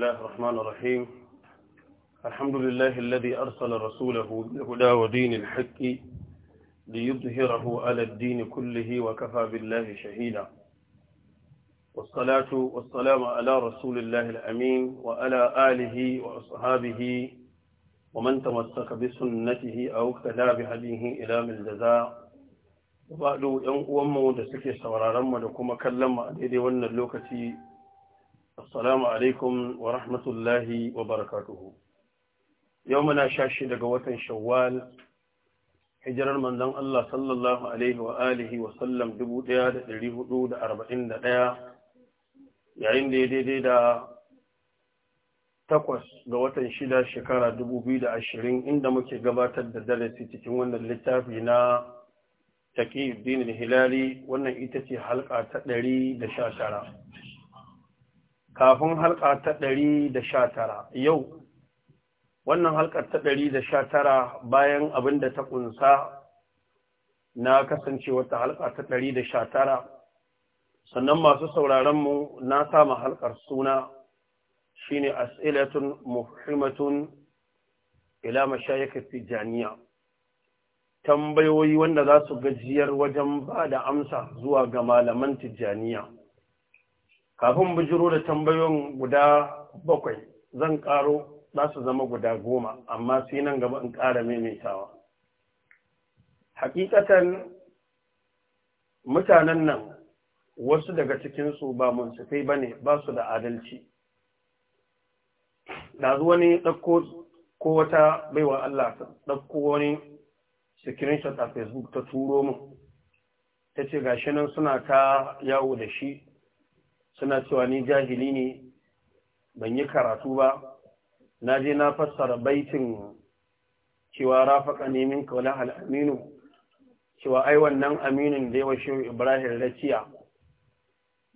الله الرحمن الرحيم الحمد لله الذي أرسل رسوله بهدى ودين الحق ليظهره على الدين كله وكفى بالله شهيدا والصلاة والسلام على رسول الله الأمين وعلى آله وأصحابه ومن تمسك بسنته أو اقتدى بهديه إلى من الجزاء وبعد أن أمه دسكي سورارم ولكم كلم أدري وأن اللوكتي Assalamu alaikum wa rahmatullahi wa barakatuhu. Yau muna shashi daga watan Shawwal, hijirar manzon Allah sallallahu Alaihi wa alihi wa sallam 1441 yayin da ya daidai da takwas ga watan shida shekara 2020 inda muke gabatar da darasi cikin wannan littafi na taƙi dinin hilali wannan ita ce halka ta 119. kafin halka ta ɗari da sha tara yau wannan halkar ta ɗari da sha tara bayan abin da ta ƙunsa na kasance wata halka ta ɗari da sha tara sannan masu sauraronmu na sama halkar suna shi shine as'ilatun muhimmatun ya mashayikat tijaniya tambayoyi wanda za su gajiyar wajen ba da amsa zuwa ga malaman tijjaniya kafin bujiro da tambayoyin guda bakwai zan ƙaro za su zama guda goma amma sai nan gaba in kara maimaitawa hakikatan mutanen nan wasu daga cikinsu ba munsufai ba ne ba su da adalci da zuwa ne ɗauko ko wata baiwa Allah ta ɗauko wani screenshot a facebook ta turo mu ta ce gashi nan suna ta yawo da shi suna cewa ni jahili ne ban yi karatu ba na je na fassara baitin cewa rafaka nemin kaula Aminu. cewa ai wannan aminin da yawa shehu ibrahim raciya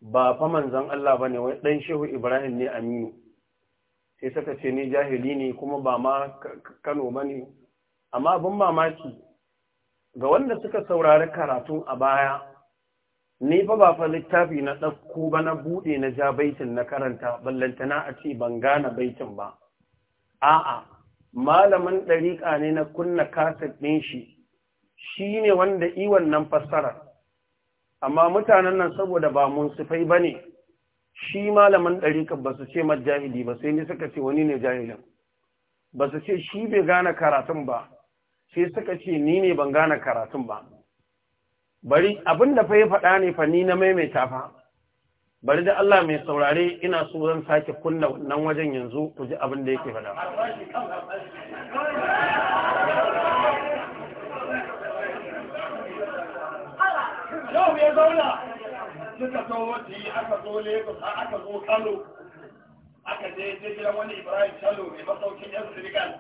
ba fa manzan Allah ba ne wai ɗan shehu ibrahim ne aminu sai suka ce ni jahili ne kuma ba ma kano ba amma abin mamaki ga wanda suka saurari karatun a baya ni fa ba fa littafi na ɗauko ba na buɗe na ja baitin na karanta ballantana a ce ban gane baitin ba a'a malamin ɗariƙa ne na kunna kaset ɗin shi shi ne wanda iwon nan fassara amma mutanen nan saboda ba mun sufai ba ne shi malamin ɗariƙa ba su ce ma jahili ba sai ni suka ce wani ne jahilin ba su ce shi bai gane karatun ba sai suka ce ni ne ban gane karatun ba bari abin da fa ya faɗa ne fa ni na maimaita fa bari da Allah mai saurare ina so zan sake kunna wannan wajen yanzu ku ji abin da yake faɗa yau zauna so aka je aka zo aka je jirgin wani Ibrahim Shalo mai masaukin yan Senegal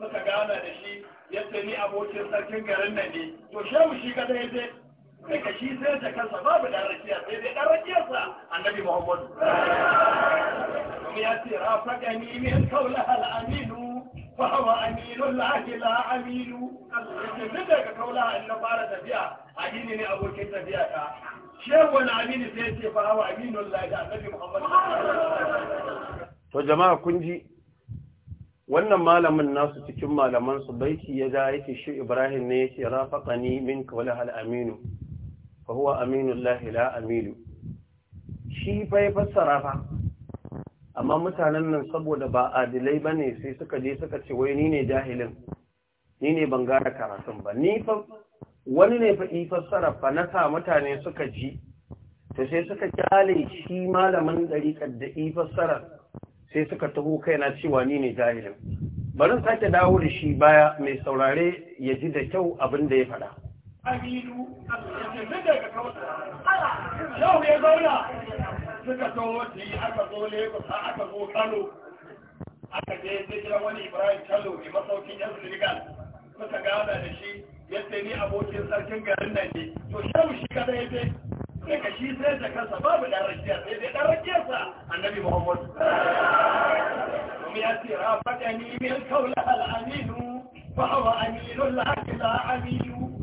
suka gana da shi yadda ni abokin sarkin garin nan ne to shehu shi kada ya je daga shi sai da kansa babu dan rakiya sai dai dan rakiyarsa annabi muhammadu kuma ya ce rafaka ni min kaulaha al-aminu fa huwa aminu lahi la aminu yace duk daga kaulaha in na fara tafiya amini ne abokin tafiya ta shehu wani aminu sai ce fa huwa aminu lahi annabi muhammadu to jama'a kun ji wannan malamin nasu cikin malaman su baiti ya ja yake shi Ibrahim ne yake rafaqani minka wala hal aminu fa huwa aminullahi la aminu shi fa ya fassara fa amma mutanen nan saboda ba adilai bane sai suka je suka ce wai ni ne jahilin ni ne ban gara karatun ba ni fa wani ne fa fassara fa na sa mutane suka ji to sai suka kyale shi malamin dariqar da fassara sai suka taho kaina cewa ni ne jahilin barin sake dawo da shi baya mai saurare ya ji da kyau abin da ya faɗa aminu yanzu daga yau ya zauna suka zo wace aka zo kusa aka zo kano aka je jira wani ibrahim kano mai masaukin yan senegal suka gana da shi yadda ni abokin sarkin garin nan ne to shamu shi kada ya Sai ka shi sai da kansa babu dan rakiya sai dai dan rakiyarsa annabi muhammad domin ya ce rafadani min kaula al-aminu fa huwa aminun la aminu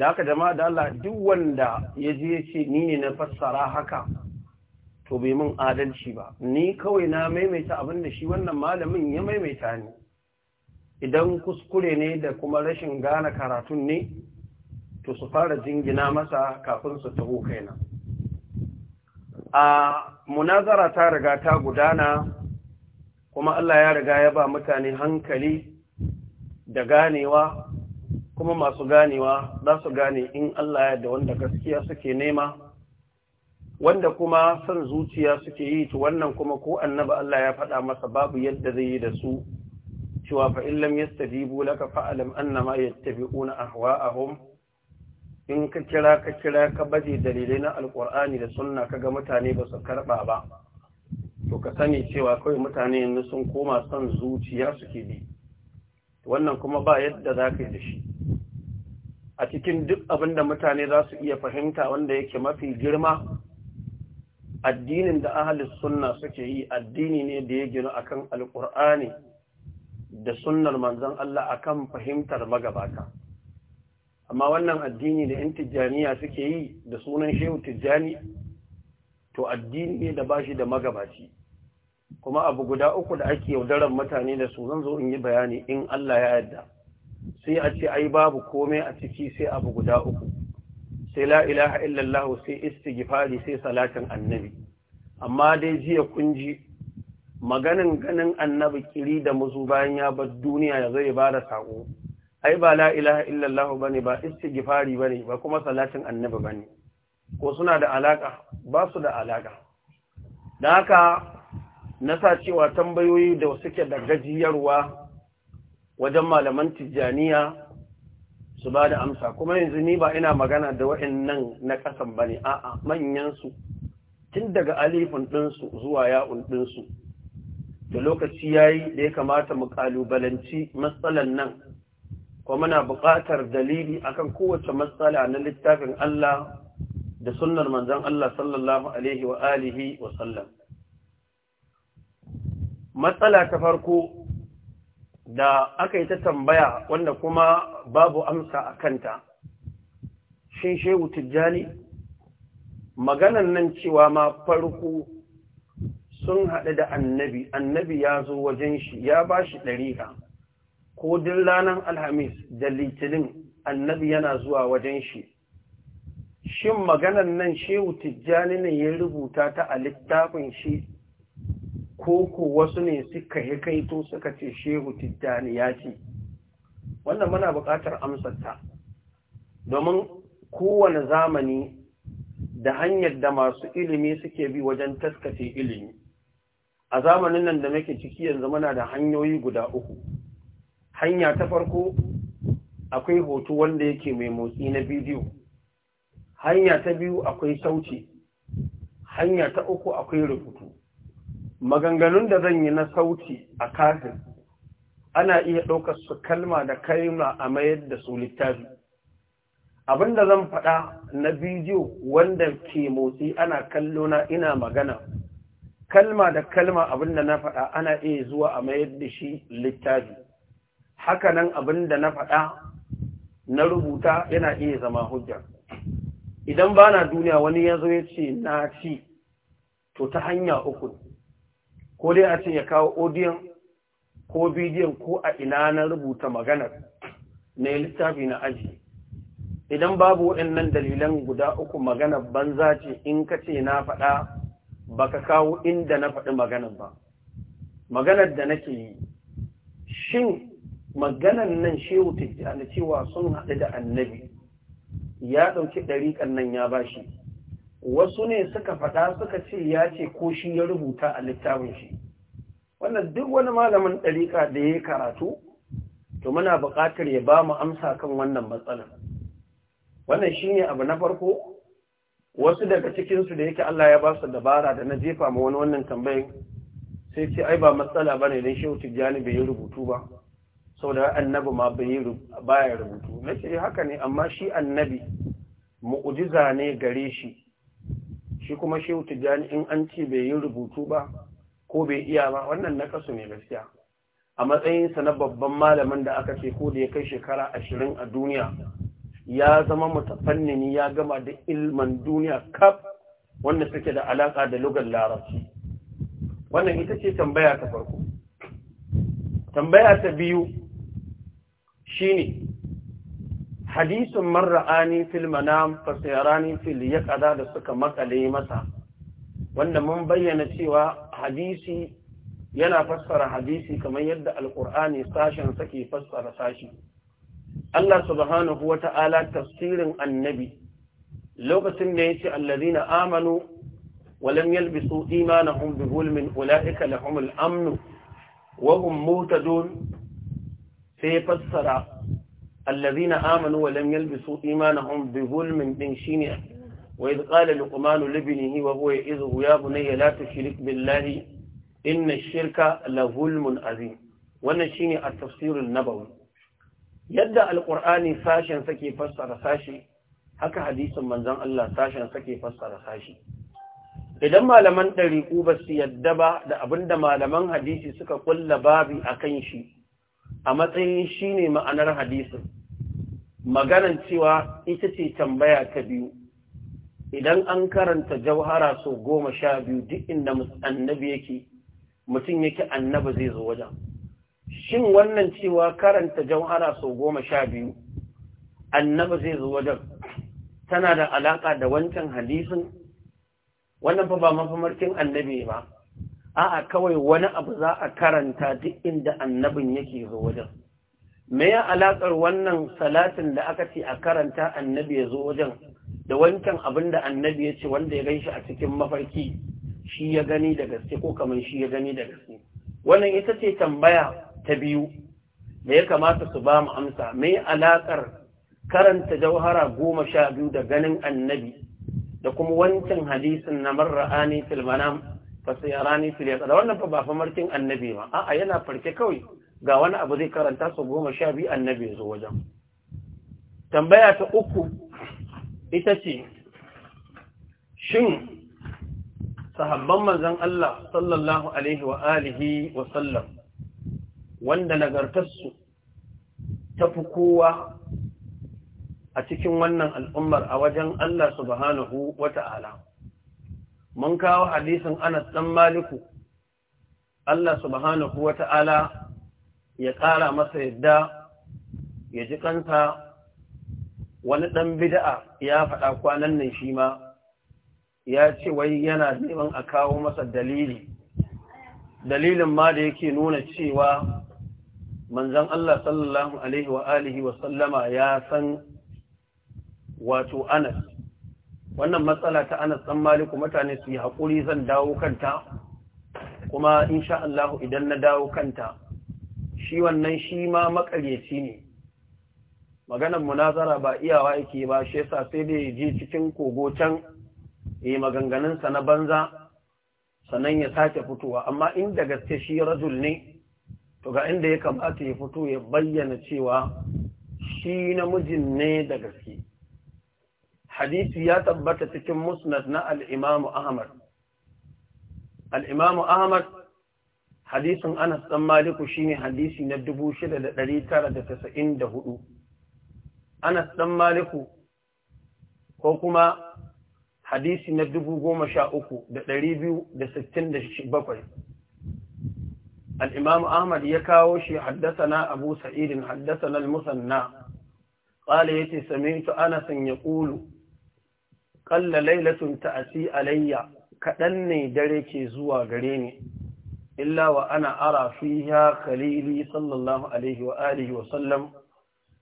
da haka jama'a da Allah duk wanda ya je ni ne na fassara haka to bai mun adalci ba ni kawai na maimaita abin da shi wannan malamin ya maimaita ni idan kuskure ne da kuma rashin gane karatun ne to su fara jingina masa kafin su taho kaina a munazara ta riga ta gudana kuma Allah ya riga ya ba mutane hankali da ganewa kuma masu ganewa za su gane in Allah ya da wanda gaskiya suke nema wanda kuma son zuciya suke yi to wannan kuma ko annaba Allah ya faɗa masa babu yadda zai yi da su cewa fa in lam yastajibu laka fa'alam annama yattabi'una ahwa'ahum in ka kira ka kira ka baje dalilai na alkur'ani da sunna kaga mutane ba su karba ba to ka sani cewa kawai mutane yanzu sun koma son zuciya suke bi wannan kuma ba yadda za ka yi da shi a cikin duk abin da mutane za su iya fahimta wanda yake mafi girma addinin da ahalis sunna suke yi addini ne da ya gina akan alkur'ani da sunnar manzon Allah akan fahimtar magabata amma wannan addini da yan tijjaniya suke yi da sunan shehu tijjani to addini ne da bashi da magabaci kuma abu guda uku da ake yaudarar mutane da su zan zo in yi bayani in Allah ya yarda sai a ce ai babu komai a ciki sai abu guda uku sai la ilaha illallah sai istighfari sai salatin annabi amma dai jiya kun ji maganin ganin annabi kiri da musu bayan ya bar duniya ya zai ba da sako ai ba la ilaha illallah bane ba istighfari bane ba kuma salatin annabi bane ko suna da alaka ba su da alaka dan haka na sa cewa tambayoyi da suke da gajiyarwa wajen malaman tijjaniya su ba da amsa kuma yanzu ni ba ina magana da wa'annan na kasan bane a'a manyan su tun daga alifin ɗinsu zuwa ya'un ɗinsu da lokaci yayi da ya kamata mu ƙalubalanci matsalan nan kuma muna buƙatar dalili akan kowace matsala na littafin Allah da sunnar manzon Allah sallallahu alaihi wa alihi wa sallam matsala ta farko da aka yi ta tambaya wanda kuma babu amsa a kanta shin shehu tijjani maganan nan cewa ma farko sun haɗu da annabi annabi ya zo wajen shi ya ba shi ɗariƙa ko din ranar alhamis da litinin annabi yana zuwa wajen shi shin maganan nan shehu tijjani ne ya rubuta ta a littafin shi ko ko wasu ne suka kaito suka ce shehu tijjani ya ce wannan muna buƙatar amsarta domin kowane zamani da hanyar da masu ilimi suke bi wajen taskace ilimi a zamanin nan da muke ciki yanzu muna da hanyoyi guda uku hanya ta farko akwai hoto wanda yake mai motsi na bidiyo hanya ta biyu akwai sauti hanya ta uku akwai rubutu maganganun da zan yi na sauti a kafin ana iya ɗaukar su kalma da kalma a mayar da su littafi Abin da zan faɗa na bidiyo wanda ke motsi ana kallo na ina magana kalma da kalma abinda na faɗa ana iya zuwa a mayar da shi littafi hakanan da na faɗa na rubuta yana iya zama hujja idan ba na duniya wani ya zo ya ce na ci to ta hanya uku ko dai a ce ya kawo odiyon ko bidiyon ko a ina na rubuta maganar na littafi na aji idan babu waɗannan dalilan guda uku maganar banza ce in ka ce na faɗa ba ka kawo inda na faɗi maganar ba maganar da nake yi shin maganar nan shehu tijjani cewa sun haɗu da annabi ya ɗauki ɗariƙan nan ya bashi wasu ne suka faɗa suka ce ya ce ko shi ya rubuta a littafin shi wannan duk wani malamin ɗarika da ya karatu to muna buƙatar ya ba mu amsa kan wannan matsalar wannan shi ne abu na farko wasu daga cikinsu da yake Allah ya ba su dabara da na jefa ma wani wannan tambayin sai ce ai ba matsala ba ne don shehu tijjani bai yi rubutu ba sau da annabi ma bai ya rubutu na ce eh, haka ne amma shi annabi mu'ujiza ne gare shi shi kuma shehu tijjani in an ci bai yi rubutu ba ko bai iya ba wannan na kasu ne gaskiya a matsayinsa na babban malamin da aka ce ko da ya kai shekara ashirin a duniya ya zama mutafannini ya gama da ilman duniya kaf wanda suke da alaka da lugar larabci wannan ita ce tambaya ta farko tambaya ta biyu shine hadisin marra'ani fil manam fasayarani fil yaqada da suka makale masa wanda mun bayyana cewa hadisi yana fassara hadisi kamar yadda alqur'ani sashen sake fassara sashi Allah subhanahu wata'ala tafsirin annabi lokacin da yace alladhina amanu wa lam yalbisu imanahum bi zulmin ulaika lahumul amn wa hum muhtadun sai fassara الذين آمنوا ولم يلبسوا إيمانهم بظلم من شينع وإذ قال لقمان لابنه وهو يئذه يا بني لا تشرك بالله إن الشرك لظلم عظيم wannan shine at-tafsirul nabawi yadda Alƙur'ani sashen sake fassara sashi haka hadisin manzon Allah sashen sake fassara sashi idan malaman ɗariƙu ba su yadda ba da abinda malaman hadisi suka kulla babi a kan shi a matsayin shi ne ma'anar hadisin maganan cewa ita ce tambaya ta biyu idan an karanta jauhara sau goma sha biyu duk inda annabi yake mutum yake annaba zai zo wajen shin wannan cewa karanta jauhara sau goma sha biyu annaba zai zo wajen tana da alaƙa da wancan hadisin wannan fa ba mafamarkin annabi ba a'a kawai wani abu za a karanta duk inda annabin yake zo wajen me ya alaƙar wannan salatin da aka ce a karanta annabi ya zo wajen da wancan abin da annabi ya ce wanda ya ganshi a cikin mafarki shi ya gani da gaske ko kamar shi ya gani da gaske wannan ita ce tambaya ta biyu da ya kamata su ba mu amsa me alaƙar karanta jauhara goma sha biyu da ganin annabi da kuma wancan hadisin na marra'ani fil manam fasayarani fil Da wannan fa ba fa annabi ba a'a yana farke kawai ga wani abu zai karanta su goma sha biyu annabi ya zo wajen tambaya ta uku ita ce shin sahabban manzan Allah sallallahu alaihi wa alihi wa sallam wanda nagartarsu ta fi kowa a cikin wannan al'ummar a wajen Allah subhanahu wa ta'ala. Mun kawo hadisin Anas ɗan Maliku, Allah subhanahu wa ta'ala ya ƙara masa yadda ya ji kansa wani ɗan bida'a ya faɗa kwanan nan shi ma ya ce wai yana neman a kawo masa dalili dalilin ma da yake nuna cewa manzan Allah sallallahu alaihi wa alihi wa sallama ya san wato Anas wannan matsala ta Anas san Maliku mutane su yi haƙuri zan dawo kanta kuma insha Allah idan na dawo kanta shi wannan shi ma makaryaci ne maganar munazara ba iyawa yake ba shi yasa sai da je cikin kogo can yi maganganunsa na banza sanan ya sake fitowa amma in da gaske shi rajul ne to ga inda ya kamata ya fito ya bayyana cewa shi namijin ne da gaske hadisi ya tabbata cikin musnad na al Ahmad al Ahmad hadisin Anas ɗan Maliku shine hadisi na hudu. Anas ɗan Maliku ko kuma hadisi na 13267 Al-Imam Ahmad ya kawo shi Haddasa na Abu Sa'id haddathana Al-Musanna qala yati sami'tu ya ƙulu Kalla laylatun ta'asi alayya Kaɗan ne dare ke zuwa gare ni Illawa ana ara fiha khalili sallallahu alaihi wa alihi wa sallam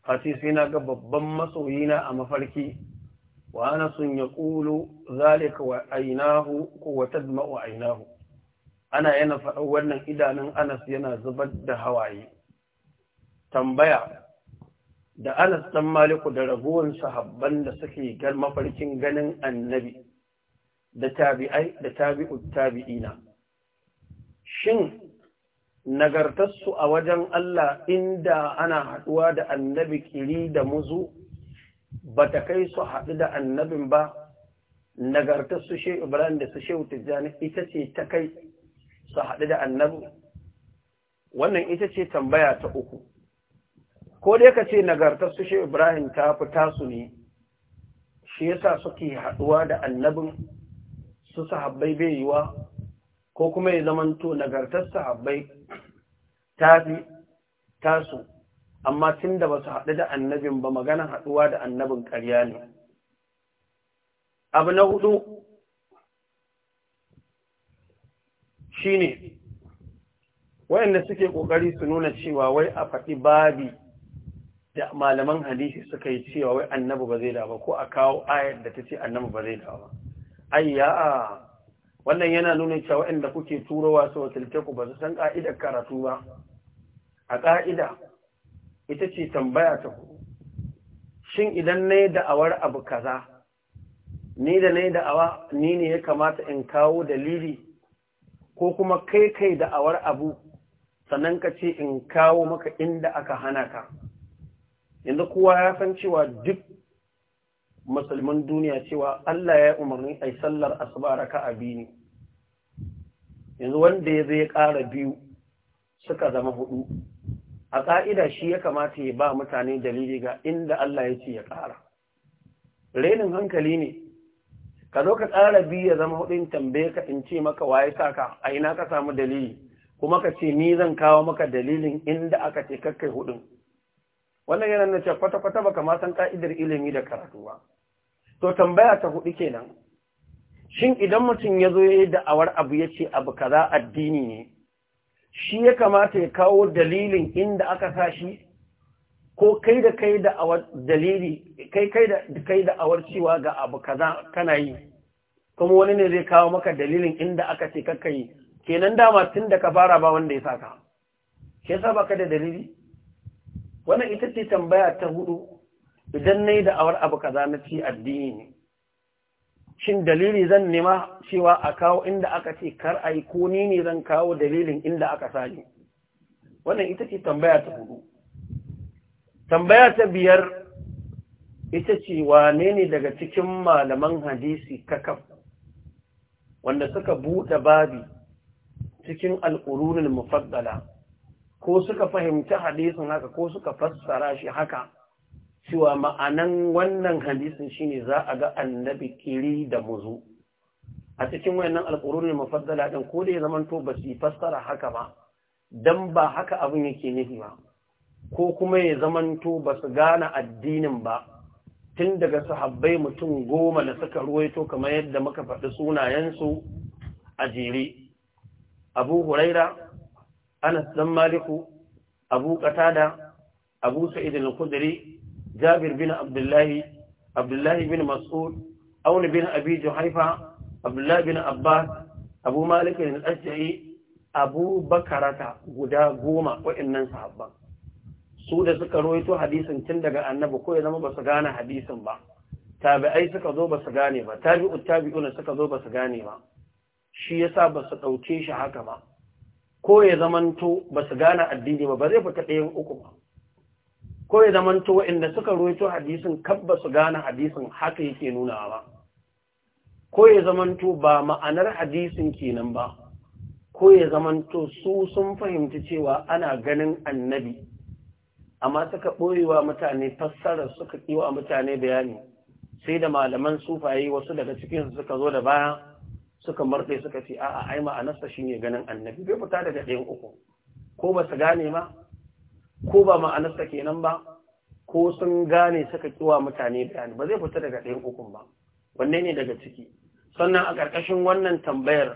sai na ga babban masoyina a mafarki wa sun ya ƙulu zalika wa ko wa tadma'u ana yana faɗa wannan idanun anas yana zubar da hawaye tambaya da anas dan maliku da ragowar sahabban da suke gar mafarkin ganin annabi da tabi'u da tabi'ut tabi'ina shin nagartarsu a wajen Allah inda ana haɗuwa da annabi kiri da muzu ba ta kai su haɗu da annabin ba nagartarsu shi Ibrahim da su shehu tijjani ita ce ta kai su haɗu da annabi wannan ita ce tambaya ta uku ko dai ka ce nagartarsu shi Ibrahim ta fi tasu ne shi yasa suke haɗuwa da annabin su sahabbai bai yiwa ko kuma ya zamanto nagartar sahabbai ta fi tasu amma tun da ba su haɗu da annabin ba maganan haɗuwa da annabin ƙarya ne abu na hudu shi ne waɗanda suke ƙoƙari su nuna cewa wai a faɗi babi da malaman hadisi suka yi cewa wai annabi ba zai da ba ko a kawo ayar da ta ce annabi ba zai da ba ai wannan yana nuna cewa waɗanda kuke turowa su wakilce ku ba su san ƙa'idar karatu ba a ƙa'ida ita ce tambaya ta ku shin idan na yi da'awar abu kaza ni da na yi da'awa ni ne ya kamata in kawo dalili ko kuma kai kai da'awar abu sannan ka ce in kawo maka inda aka hana ka yanzu kowa ya san cewa duk musulman duniya cewa Allah ya umarni a sallar asuba raka biyu yanzu wanda ya zai ƙara biyu suka zama hudu a ƙa'ida shi ya kamata ya ba mutane dalili ga inda Allah ya ce ya ƙara renin hankali ne ka zo ka ƙara biyu ya zama hudun tambaye ka in ce maka waye sa ka a ina ka samu dalili kuma ka ce ni zan kawo maka dalilin inda aka ce kakkai hudun wannan yana ce kwata-kwata ba ma san ka'idar ilimi da karatu ba to tambaya ta hudu kenan shin idan mutum ya zo ya yi da'awar abu ya ce abu kaza addini ne shi ya kamata ya kawo dalilin inda aka sa shi ko kai da kai da'awar dalili kai kai da kai da'awar cewa ga abu kaza kana yi kuma wani ne zai kawo maka dalilin inda aka ce kakka yi kenan dama tun da ka fara ba wanda ya saka ke sa baka da dalili wannan ita ce tambaya ta hudu idan nayi da'awar abu kaza na ci addini ne shin dalili zan nema cewa a kawo inda aka ce kar a yi ko ni ne zan kawo dalilin inda aka sani wannan ita ce tambaya ta hudu tambaya ta biyar ita ce wane ne daga cikin malaman hadisi kakaf wanda suka buɗe babi cikin al'urunin mufaddala ko suka fahimci hadisin haka ko suka fassara shi haka cewa ma'anan wannan hadisin shine za a ga annabi kiri da muzu a cikin wayannan alƙururin mafaddala din ko da ya zamanto ba su fassara haka ba dan ba haka abin yake nufi ba ko kuma ya zamanto ba su gane addinin ba tun daga sahabbai mutum goma da suka ruwaito kamar yadda muka faɗi sunayensu a jere abu huraira anas dan maliku abu qatada abu sa'id al-khudri jabir bin abdullahi abdullahi bin mas'ud aun bin abi juhaifa abdullahi bin abbas abu malik bin al-ashja'i abu bakarata guda goma waɗannan sahabban su da suka roito hadisin tun daga annabi ko ya zama ba su gane hadisin ba tabi'ai suka zo ba su gane ba tabi'u tabi'una suka zo ba su gane ba shi yasa ba su ɗauke shi haka ba ko ya zamanto ba su gane addini ba ba zai fita ɗayan uku ba ko ya zamanto waɗanda suka ruwaito hadisin kabba su gane hadisin haka yake nuna ba ko ya zamanto ba ma'anar hadisin kenan ba ko ya zamanto su sun fahimci cewa ana ganin annabi amma suka ɓoyewa mutane fassara suka kiwa mutane bayani sai da malaman sufaye wasu daga cikin suka zo da baya suka marɗe suka ce a'a ai ma'anarsa shine ganin annabi bai fita daga ɗayan uku ko ba su gane ba ko ba ma'anarsa kenan ba ko sun gane saka kiwa mutane bayani ba zai fita daga ɗayan ukun ba wanne ne daga ciki sannan a ƙarƙashin wannan tambayar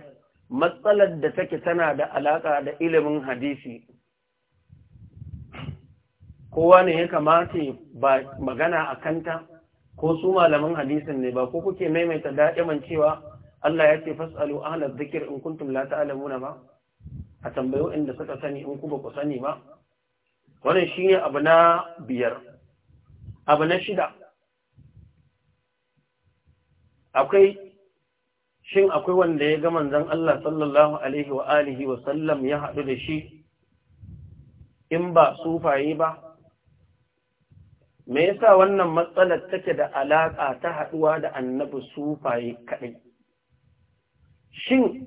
matsalar da take tana da alaƙa da ilimin hadisi kowa ne ya kamata ba magana a kanta ko su malaman hadisin ne ba ko kuke maimaita da'iman cewa Allah ya ce fas'alu ahlaz zikir in kuntum la ta'lamuna ba a tambayo inda suka sani in ku ba ku sani ba wannan shine abu na biyar abu na shida akwai shin akwai wanda ya ga manzon Allah sallallahu alaihi wa alihi wa sallam ya haɗu da shi in ba sufaye ba me yasa wannan matsalar take da alaƙa ta haɗuwa da annabi sufaye kaɗai shin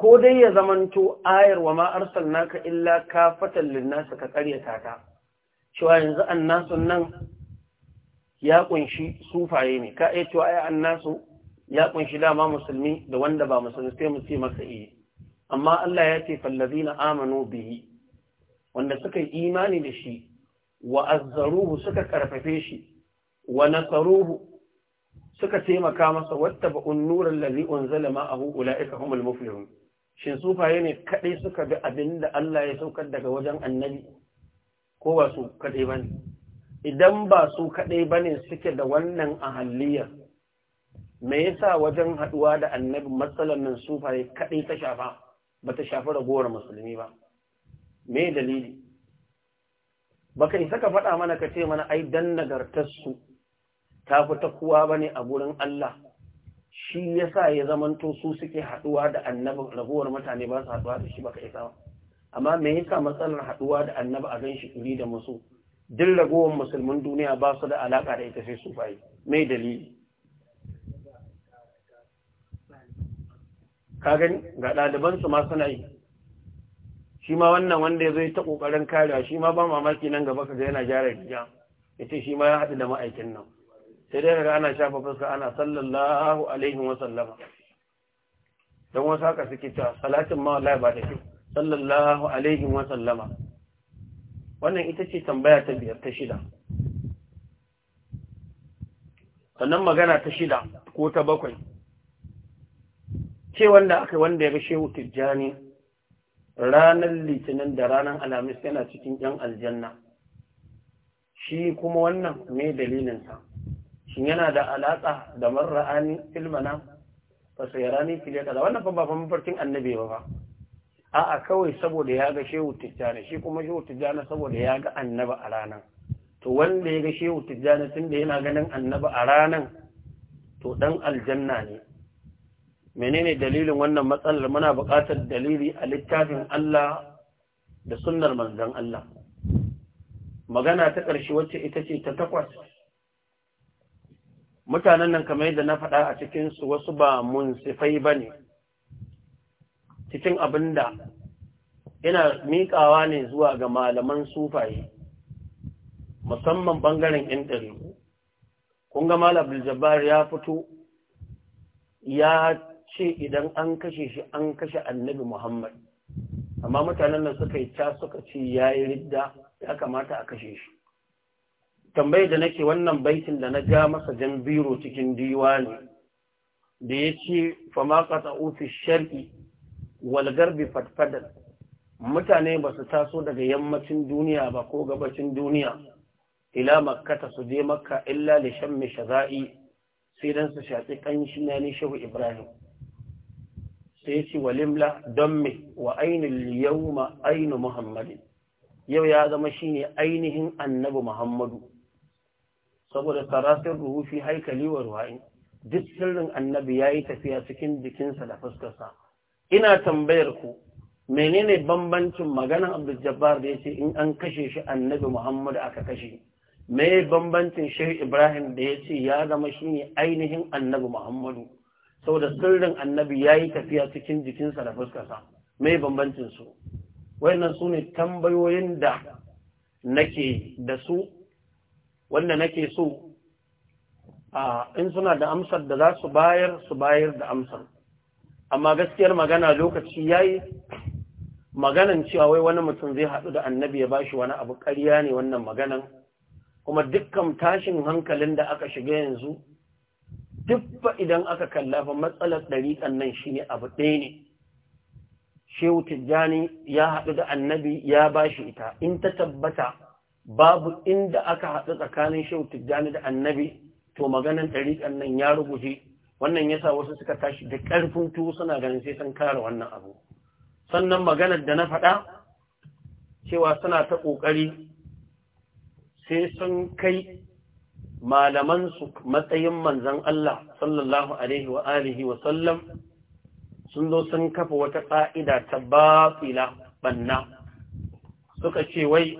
ko dai ya zamanto ayar wa ma naka illa kafatan linnas ka karyata ta cewa yanzu An-nasu nan ya kunshi sufaye ne ka iya cewa an annasu ya kunshi dama musulmi da wanda ba musulmi sai mu ce masa iya. Eh. amma Allah ya ce fallazina amanu bihi wanda suka yi imani da shi wa azzaruhu suka karfafe shi wa nasaruhu suka taimaka masa wattaba nuran nura zalama unzila ma'ahu ulaika humul muflihun shin sufaye ne kaɗai suka bi abin da Allah ya saukar daga wajen annabi ko ba su kaɗai ba idan ba su kaɗai ba suke da wannan ahalliyar me yasa wajen haɗuwa da annabi matsalar nan sufaye kaɗai ta shafa ba ta shafi ragowar musulmi ba me dalili baka isa ka faɗa mana ka ce mana ai dan nagartarsu ta fi ta kuwa ba ne a gurin Allah shi ya sa ya zamanto su suke haduwa da annabi rabuwar mutane ba su haduwa da shi ka isa ba amma me yasa matsalar haduwa da annabi a gan shi kuri da musu duk ragowar musulmin duniya ba su da alaka da ita sai su fayi mai dalili ka gani ga ɗalibansu ma suna yi shi ma wannan wanda ya zo ta kokarin kariya shi ma ba mamaki nan gaba ka ga yana gyara jiya. Ita shi ma ya haɗu da ma'aikin nan sai dai ga ana shafa fuska ana sallallahu alaihi wa sallama don wasu haka suke cewa salatin ma wallahi ba da kyau sallallahu alaihi wa sallama wannan ita ce tambaya ta biyar ta shida sannan magana ta shida ko ta bakwai ce wanda aka wanda ya bashe shehu tijjani ranar litinin da ranar alhamis yana cikin yan aljanna shi kuma wannan mai dalilinsa shin yana da alaƙa da marra'ani filmana fa sayarani fiye kaza wannan fa ba fa mafarkin annabi ba a a'a kawai saboda ya ga shehu tijjani shi kuma shehu tijjani saboda ya ga annaba a ranan to wanda ya ga shehu tijjani tunda yana ganin annaba a ranan to dan aljanna ne menene dalilin wannan matsalar muna buƙatar dalili a littafin Allah da sunnar manzon Allah magana ta ƙarshe wacce ita ce ta takwas mutanen nan kamar yadda na faɗa a cikinsu wasu ba munsifai ba ne cikin abin da yana miƙawa ne zuwa ga malaman sufaye musamman ɓangaren ‘yan ɗari. kun ga malabul jabbar ya fito ya ce idan an kashe shi an kashe annabi muhammad amma mutanen nan suka yi ta suka ce ya yi ridda ya kamata a kashe shi tambayar da nake wannan baitin da na ja masa jan biro cikin diwani da ya ce fama ƙasa ofis shar'i walgarbi fatfada mutane ba su taso daga yammacin duniya ba ko gabacin duniya ila makkata su je makka illa da shan shaza'i sai don su shafi ƙanshi na ne shehu ibrahim sai ce walimla don me wa ainihin yau ma ainihin muhammadin yau ya zama shine ainihin annabi muhammadu saboda sarasin ruhu shi haikali wa ruwa'i duk sirrin annabi ya yi tafiya cikin jikinsa da fuskarsa ina tambayar ku menene bambancin maganar Abdul Jabbar da ce in an kashe shi annabi Muhammad aka kashe me bambancin Shehu Ibrahim da ya ce ya zama shine ainihin annabi Muhammadu saboda sirrin annabi ya yi tafiya cikin jikinsa da fuskarsa me bambancin su wayannan sune tambayoyin da nake da su wanda nake so in suna da amsar da za su bayar su bayar da amsar amma gaskiyar magana lokaci ya yi maganan cewa wai wani mutum zai haɗu da annabi ya ba shi wani abu ƙarya ne wannan maganan kuma dukkan tashin hankalin da aka shiga yanzu duk ba idan aka kallafa matsalar ɗariƙan nan shi ne abu ɗaya ne shehu tijjani ya haɗu da annabi ya bashi ita in ta tabbata babu inda aka haɗu tsakanin shehu tijjani da annabi to maganar ɗariƙan nan ya rubuce wannan yasa wasu suka tashi da ƙarfin tuwo suna ganin sai sun kare wannan abu sannan maganar da na faɗa cewa suna ta ƙoƙari sai sun kai malamansu matsayin manzan Allah sallallahu alaihi wa alihi sun zo sun kafa wata ƙa'ida ta bafila banna suka ce wai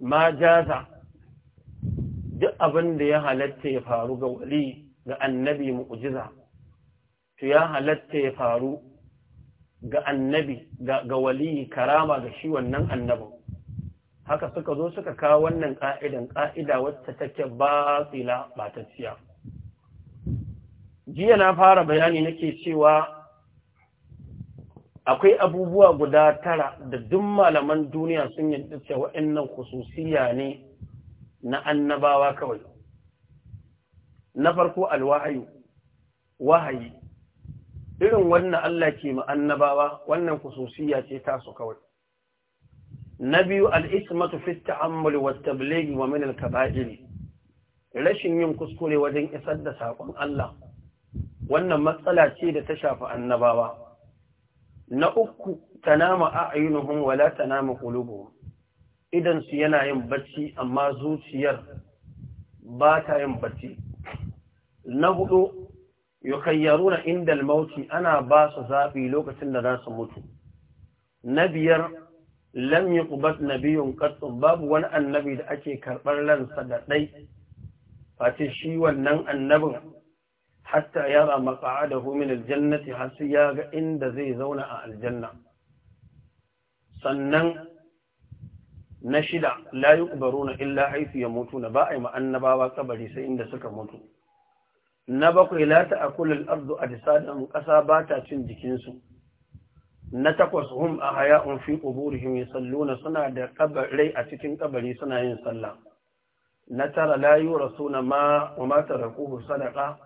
ma jaza duk abin da ya halatta ya faru ga wali ga annabi mu'jiza to ya halatta ya faru ga annabi ga wali karama ga shi wannan annabin haka suka zo suka kawo wannan ka'idan ka'ida wacce take batsila ba ta jiya na fara bayani nake cewa akwai abubuwa guda tara da duk malaman duniya sun yadda cewa innan khususiya ne na annabawa kawai na farko alwahayu wahayi irin wannan Allah ke ma annabawa wannan khususiya ce ta su kawai na biyu al'ismatu fi ta'ammuli wa tablighi wa min al-kaba'ir rashin yin kuskure wajen isar da sakon Allah wannan matsala ce da ta shafi annabawa na uku tanama a'yunuhum wala tanama qulubuhum idan su yana yin bacci amma zuciyar ba ta yin bacci na hudu yukhayyaruna inda al-mauti ana ba su zabi lokacin da za su mutu na biyar lam yuqbat biyun qat babu wani annabi da ake karbar ransa da dai face shi wannan annabin hatta yara maqa'adahu min jannati har sai ya ga inda zai zauna a aljanna sannan na shida la yuqbaruna illa mutu, na ba ai annabawa kabari sai inda suka mutu na bakwai a la ta'kulul a ajsadahum ƙasa ba ta cin jikinsu na takwas hum a ahya'un fi quburihim yusalluna suna da kabari a cikin kabari suna yin sallah na tara la yurasuna ma wa ma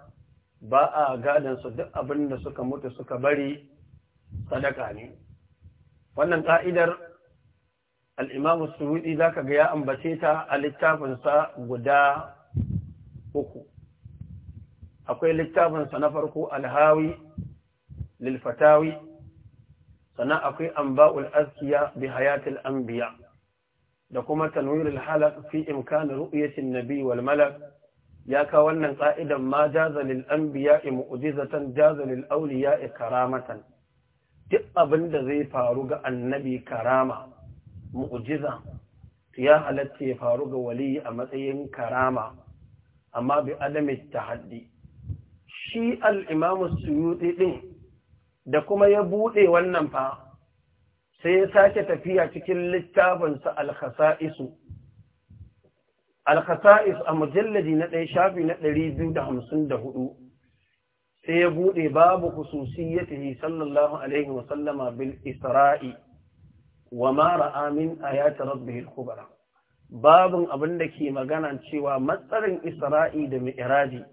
ba a gadansu duk abin da suka mutu suka bari sadaka ne wannan ka'idar al'imamu suwudi za ka ga ya ambace ta a littafinsa guda uku akwai littafinsa na farko alhawi lilfatawi sannan akwai amba'ul askiya bi hayatil anbiya da kuma tanwirul halaq fi imkan ru'yatin nabi wal malak ya ka wannan ƙa'idan ma jaza lil anbiya'i mu'jizatan jaza lil awliya'i karamatan duk abin da zai faru ga annabi karama mu'jiza ya halatta ya faru ga wali a matsayin karama amma bi adami haddi. shi al-imamu suyuti din da kuma ya bude wannan fa sai ya sake tafiya cikin littafinsa al-khasa'isu alkhasa'is a mujalladi na ɗaya shafi na ɗari biyu da hamsin da hudu sai ya buɗe babu khususiyyatihi sallallahu alaihi wa bil isra'i wa ma ra'a min ayati rabbihil babun abin da ke magana cewa matsarin isra'i da miiraji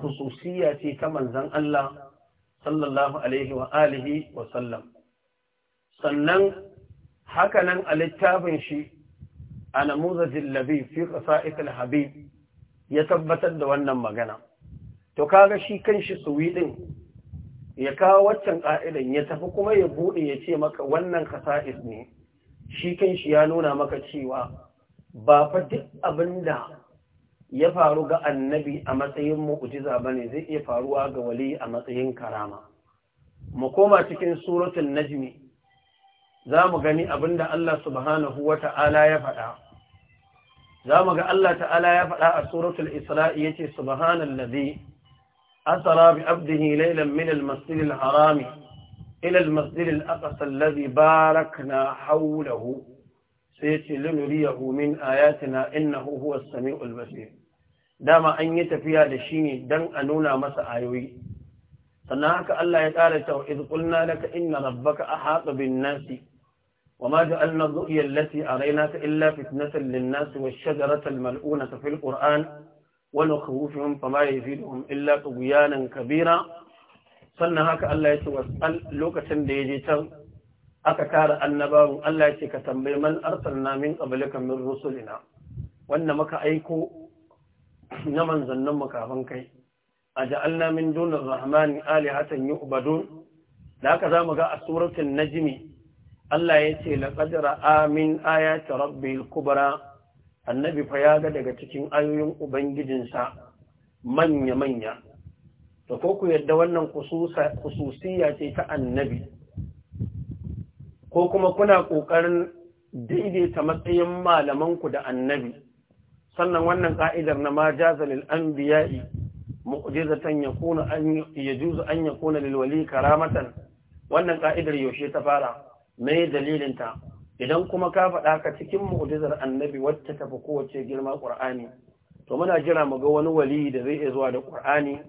khususiyya ce ta manzon Allah sallallahu alaihi wa alihi sannan haka nan a littafin shi a namuzajin labi fi ƙasa'ikul habib ya tabbatar da wannan magana to kaga shi kanshi suwi ɗin ya kawo waccan ƙa'idan ya tafi kuma ya buɗe ya ce maka wannan kasa'is ne shi kanshi ya nuna maka cewa ba fa duk abin da ya faru ga annabi a matsayin ba ne zai iya faruwa ga wali a matsayin karama mu koma cikin suratul najmi za mu gani abinda Allah subhanahu wa ta'ala ya faɗa. Za mu ga Allah ta'ala ya faɗa a suratul Isra'i ya ce, Subhanan lazi, asara bi abdihi lailan min harami, ilal masjidil aqasar lazi barak na haulahu, sai ce lunuriyahu min ayatina innahu huwa sami'ul basir. Dama an yi tafiya da shi ne don a nuna masa ayoyi. sannan haka Allah ya ƙara cewa iz qulna laka inna rabbaka ahata bin nasi وما جعلنا الرؤيا التي أريناك إلا فتنة للناس والشجرة الملؤونة في القرآن ونخوفهم فما يزيدهم إلا طغيانا كبيرا sannan haka Allah ya ce wasal lokacin da ya je can aka tara annabawan Allah ya ce ka tambayi man arsalna min qablika min rusulina wanda muka aiko na manzannin mu kafin kai aja'alna min dunir rahmani alihatan yu'badun da haka zamu ga a suratul najmi Allah ya ce laqad amin min ayati rabbil kubra annabi fa ya ga daga cikin ayoyin ubangijinsa manya manya to ko ku yadda wannan kususiya ce ta annabi ko kuma kuna ƙoƙarin daidaita matsayin malamanku da annabi sannan wannan ka'idar na ma jazalil anbiya'i mu'jizatan yakuna an yajuzu an yakuna lil wali karamatan wannan ka'idar yaushe ta fara me ta? idan kuma ka faɗa ka cikin mu'jizar annabi wacce fi kowace girma ƙur'ani, to muna jira mu ga wani wali da zai iya zuwa da qur'ani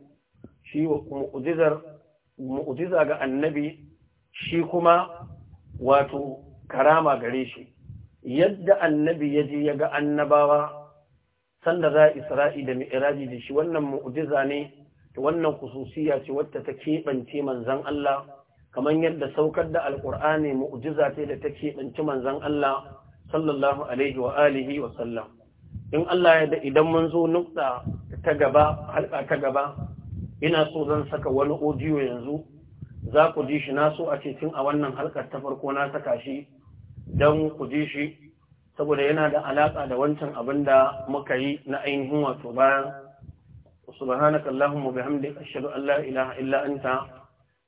shi mu'jizar mu'jiza ga annabi shi kuma wato karama gare shi yadda annabi ya je ya ga annabawa sanda za isra'i da mi'raji da shi wannan mu'jiza ne wannan khususiya ce wacce ta keɓance manzon Allah kamar yadda saukar da alkur'ani mu'jiza ce da take ɗanci manzon Allah sallallahu alaihi wa alihi wa sallam in Allah ya da idan mun zo nukta ta gaba halka ta gaba ina so zan saka wani audio yanzu za ku ji shi na so a cikin a wannan halkar ta farko na saka shi don ku ji shi saboda yana da alaƙa da wancan abin da muka yi na ainihin wato bayan subhanakallahumma bihamdika ashhadu an la ilaha illa anta